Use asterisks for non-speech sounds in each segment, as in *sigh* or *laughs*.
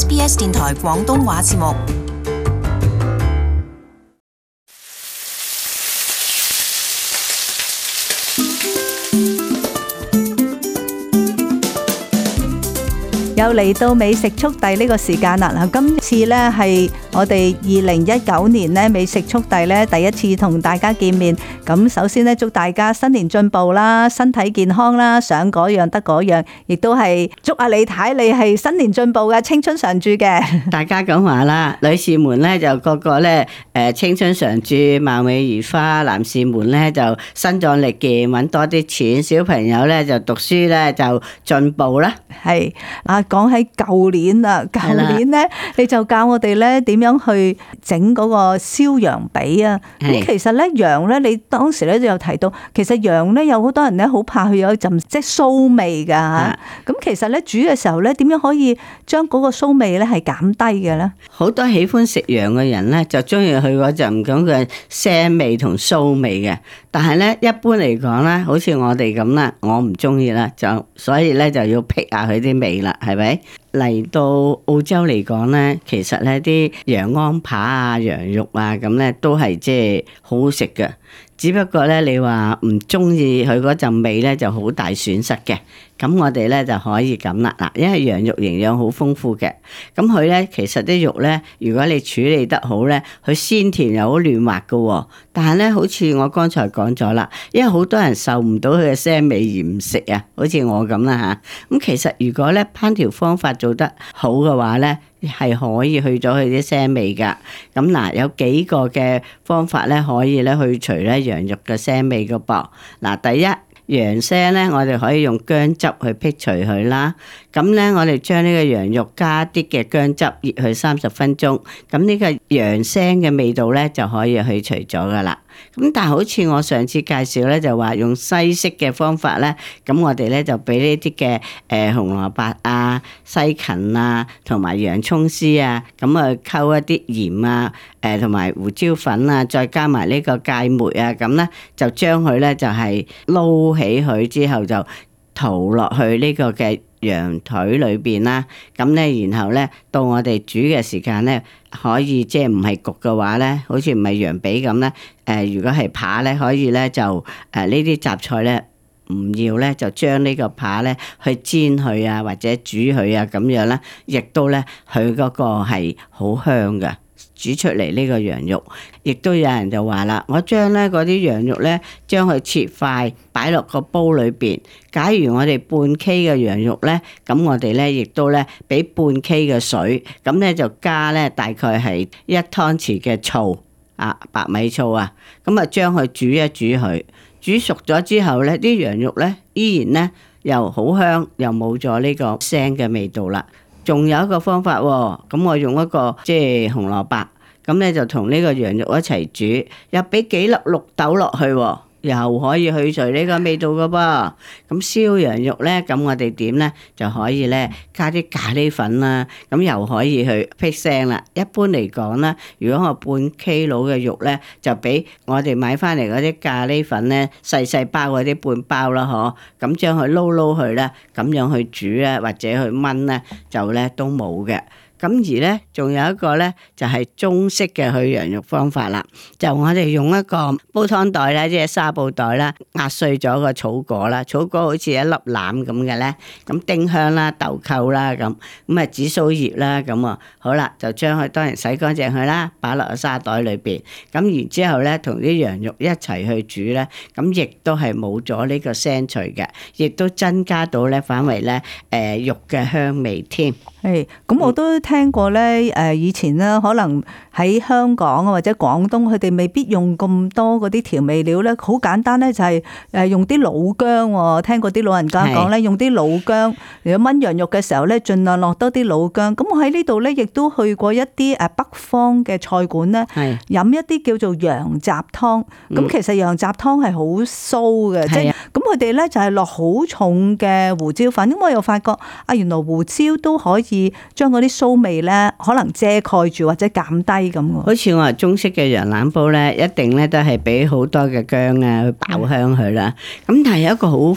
SBS 電台廣東話節目，又嚟到美食速遞呢個時間啦！嗱，今次咧係。我哋二零一九年咧，美食速遞咧第一次同大家見面。咁首先咧，祝大家新年進步啦，身體健康啦，想嗰樣得嗰樣，亦都係祝阿李太你係新年進步嘅，青春常駐嘅。大家咁話啦，女士們咧就個個咧誒青春常駐，貌美如花，男士們咧就身壯力健，搵多啲錢。小朋友咧就讀書咧就進步啦。係啊，講起舊年啊，舊年咧你就教我哋咧點。咁樣去整嗰個燒羊髀啊？咁是其實咧羊咧，你當時咧就有提到，其實羊咧有好多人咧好怕佢有一陣即係騷味噶。咁是其實咧煮嘅時候咧，點樣可以將嗰個騷味咧係減低嘅咧？好多喜歡食羊嘅人咧，就中意佢嗰陣咁嘅腥味同騷味嘅。但係咧，一般嚟講咧，好似我哋咁啦，我唔中意啦，就所以咧就要辟下佢啲味啦，係咪？嚟到澳洲嚟講呢，其實呢啲羊鞍扒啊、羊肉啊咁呢，都係即係好好食嘅。只不過咧，你話唔鍾意佢嗰陣味咧，就好大損失嘅。咁我哋咧就可以咁啦，嗱，因為羊肉營養好豐富嘅。咁佢咧其實啲肉咧，如果你處理得好咧，佢鮮甜又好嫩滑㗎。但係咧，好似我剛才講咗啦，因為好多人受唔到佢嘅腥味而唔食啊，好似我咁啦吓，咁其實如果咧烹調方法做得好嘅話咧，係可以去咗佢啲腥味㗎，咁嗱，有幾個嘅方法咧，可以咧去除咧羊肉嘅腥味㗎噃。嗱，第一，羊腥咧，我哋可以用薑汁去辟除佢啦。咁咧，我哋將呢個羊肉加啲嘅薑汁熱去，醃佢三十分鐘，咁呢個羊腥嘅味道咧就可以去除咗㗎啦。咁但係好似我上次介紹咧，就話用西式嘅方法咧，咁我哋咧就俾呢啲嘅誒紅蘿蔔啊、西芹啊，同埋洋蔥絲啊，咁啊溝一啲鹽啊，誒同埋胡椒粉啊，再加埋呢個芥末啊，咁咧就將佢咧就係、是、撈起佢之後就。塗落去呢個嘅羊腿裏邊啦，咁咧，然後咧，到我哋煮嘅時間咧，可以即係唔係焗嘅話咧，好似唔係羊髀咁咧，誒、呃，如果係扒咧，可以咧就誒呢啲雜菜咧，唔要咧，就將呢個扒咧去煎佢啊，或者煮佢啊，咁樣咧，亦都咧，佢嗰個係好香㗎。煮出嚟呢個羊肉，亦都有人就話啦，我將咧嗰啲羊肉咧，將佢切塊擺落個煲裏邊。假如我哋半 K 嘅羊肉咧，咁我哋咧亦都咧俾半 K 嘅水，咁咧就加咧大概係一湯匙嘅醋啊，白米醋啊，咁啊將佢煮一煮佢，煮熟咗之後咧，啲羊肉咧依然咧又好香，又冇咗呢個腥嘅味道啦。仲有一個方法喎、哦，咁我用一個即係紅蘿蔔，咁咧就同呢個羊肉一齊煮，又畀幾粒綠豆落去喎、哦。又可以去除呢個味道㗎噃，咁燒羊肉咧，咁我哋點咧就可以咧加啲咖喱粉啦，咁又可以去辟腥啦。一般嚟講咧，如果我半 K 佬嘅肉咧，就俾我哋買翻嚟嗰啲咖喱粉咧細細包嗰啲半包啦，嗬，咁將佢撈撈去咧，咁樣去煮咧或者去燜咧，就咧都冇嘅。咁而咧，仲有一個咧，就係中式嘅去羊肉方法啦。就我哋用一個煲湯袋啦，即係紗布袋啦，壓碎咗個草果啦。草果好似一粒欖咁嘅咧。咁丁香啦、豆蔻啦咁，咁啊紫蘇葉啦咁啊。好啦，就將佢當然洗乾淨佢啦，擺落個沙袋裏邊。咁然之後咧，同啲羊肉一齊去煮咧。咁亦都係冇咗呢個腥味嘅，亦都增加到咧反為咧誒肉嘅香味添。誒，咁我都聽過咧，誒以前咧，可能喺香港或者廣東，佢哋未必用咁多嗰啲調味料咧。好簡單咧，就係誒用啲老薑喎。聽過啲老人家講咧，是用啲老薑，如果炆羊肉嘅時候咧，盡量落多啲老薑。咁我喺呢度咧，亦都去過一啲誒北方嘅菜館咧，飲一啲叫做羊雜湯。咁其實羊雜湯係好酥嘅，即係。咁佢哋咧就係落好重嘅胡椒粉，咁我又發覺啊，原來胡椒都可以將嗰啲臊味咧可能遮蓋住或者減低咁。好似我哋中式嘅羊腩煲咧，一定咧都係俾好多嘅薑啊去爆香佢啦。咁是的 但係有一個好誒，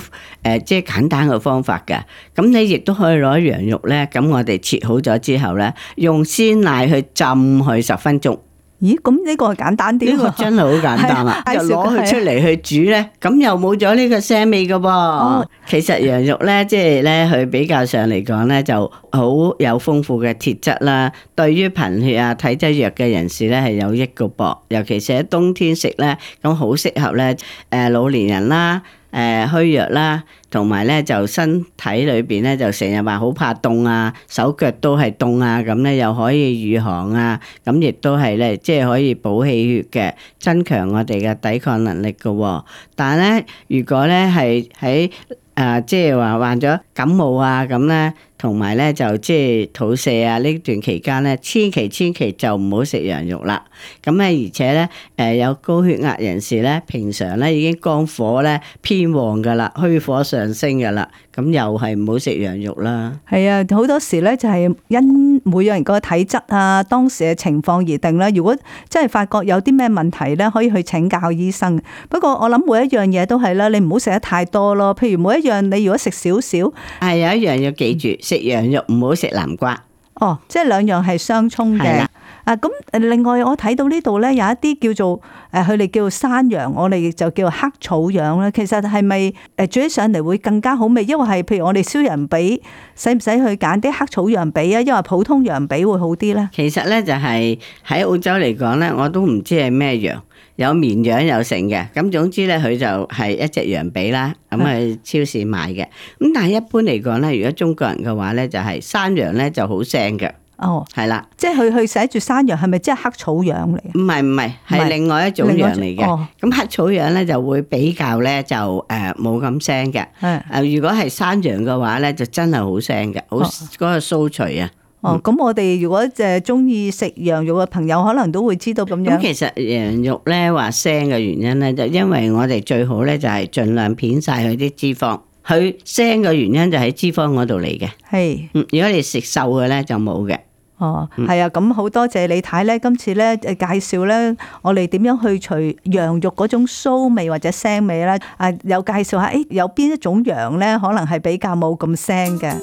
即係簡單嘅方法嘅。咁你亦都可以攞羊肉咧，咁我哋切好咗之後咧，用鮮奶去浸佢十分鐘。咦，咁呢個係簡單啲，呢個真係好簡單 *laughs* 啊！就攞佢出嚟去煮咧，咁、 *laughs* 啊、又冇咗呢個腥味噶噃。哦、其實羊肉咧，即係咧，佢比較上嚟講咧，就好有豐富嘅鐵質啦。對於貧血啊、體質弱嘅人士咧，係有益噶噃。尤其是喺冬天食咧，咁好適合咧，誒，老年人啦。誒、呃、虛弱啦，同埋咧就身體裏邊咧就成日話好怕凍啊，手腳都係凍啊，咁咧又可以御寒啊，咁亦都係咧即係可以補氣血嘅，增強我哋嘅抵抗能力㗎、哦。但係咧，如果咧係喺誒即係話患咗感冒啊咁咧。同埋咧就即係肚瀉啊，呢段期間咧，千祈千祈就唔好食羊肉啦。咁咧而且咧，誒有高血壓人士咧，平常咧已經肝火咧偏旺噶啦，虛火上升噶啦，咁又係唔好食羊肉啦。係啊，好多時咧就係因每個人個體質啊，當時嘅情況而定啦。如果真係發覺有啲咩問題咧，可以去請教醫生。不過我諗每一樣嘢都係啦，你唔好食得太多咯。譬如每一樣你如果食少少，係、啊、有一樣要記住。嗯食羊肉唔好食南瓜，哦，即係兩樣係相沖嘅。啊，咁另外我睇到呢度咧有一啲叫做誒，佢哋叫山羊，我哋就叫黑草羊咧。其實係咪誒煮起上嚟會更加好味？因為係譬如我哋燒羊髀，使唔使去揀啲黑草羊髀啊？因為普通羊髀會好啲咧。其實咧就係喺澳洲嚟講咧，我都唔知係咩羊，有綿羊有成嘅。咁總之咧，佢就係一隻羊髀啦。咁去超市買嘅。咁但係一般嚟講咧，如果中國人嘅話咧，就係山羊咧就好腥嘅。哦，係啦的，即係佢佢寫住山羊，係咪即係黑草羊嚟？唔係唔係，係另外一種羊嚟嘅。咁、哦、黑草羊咧就會比較咧就誒冇咁腥嘅。誒的，如果係山羊嘅話咧，就真係、哦、好腥嘅，好、那、嗰個酥脆啊。哦、咁、嗯哦、我哋如果就誒中意食羊肉嘅朋友，可能都會知道咁樣。咁其實羊肉咧話腥嘅原因咧，就因為我哋最好咧就係盡量片晒佢啲脂肪。佢腥嘅原因就喺脂肪嗰度嚟嘅，係，嗯，如果你食瘦嘅呢就冇嘅。哦，係啊，咁好多謝李太呢，今次呢介紹呢，我哋點樣去除羊肉嗰種騷味或者腥味呢？啊，有介紹下，誒，有邊一種羊呢，可能係比較冇咁腥嘅。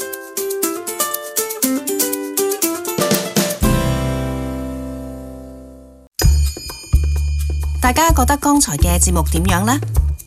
大家覺得剛才嘅節目點樣呢？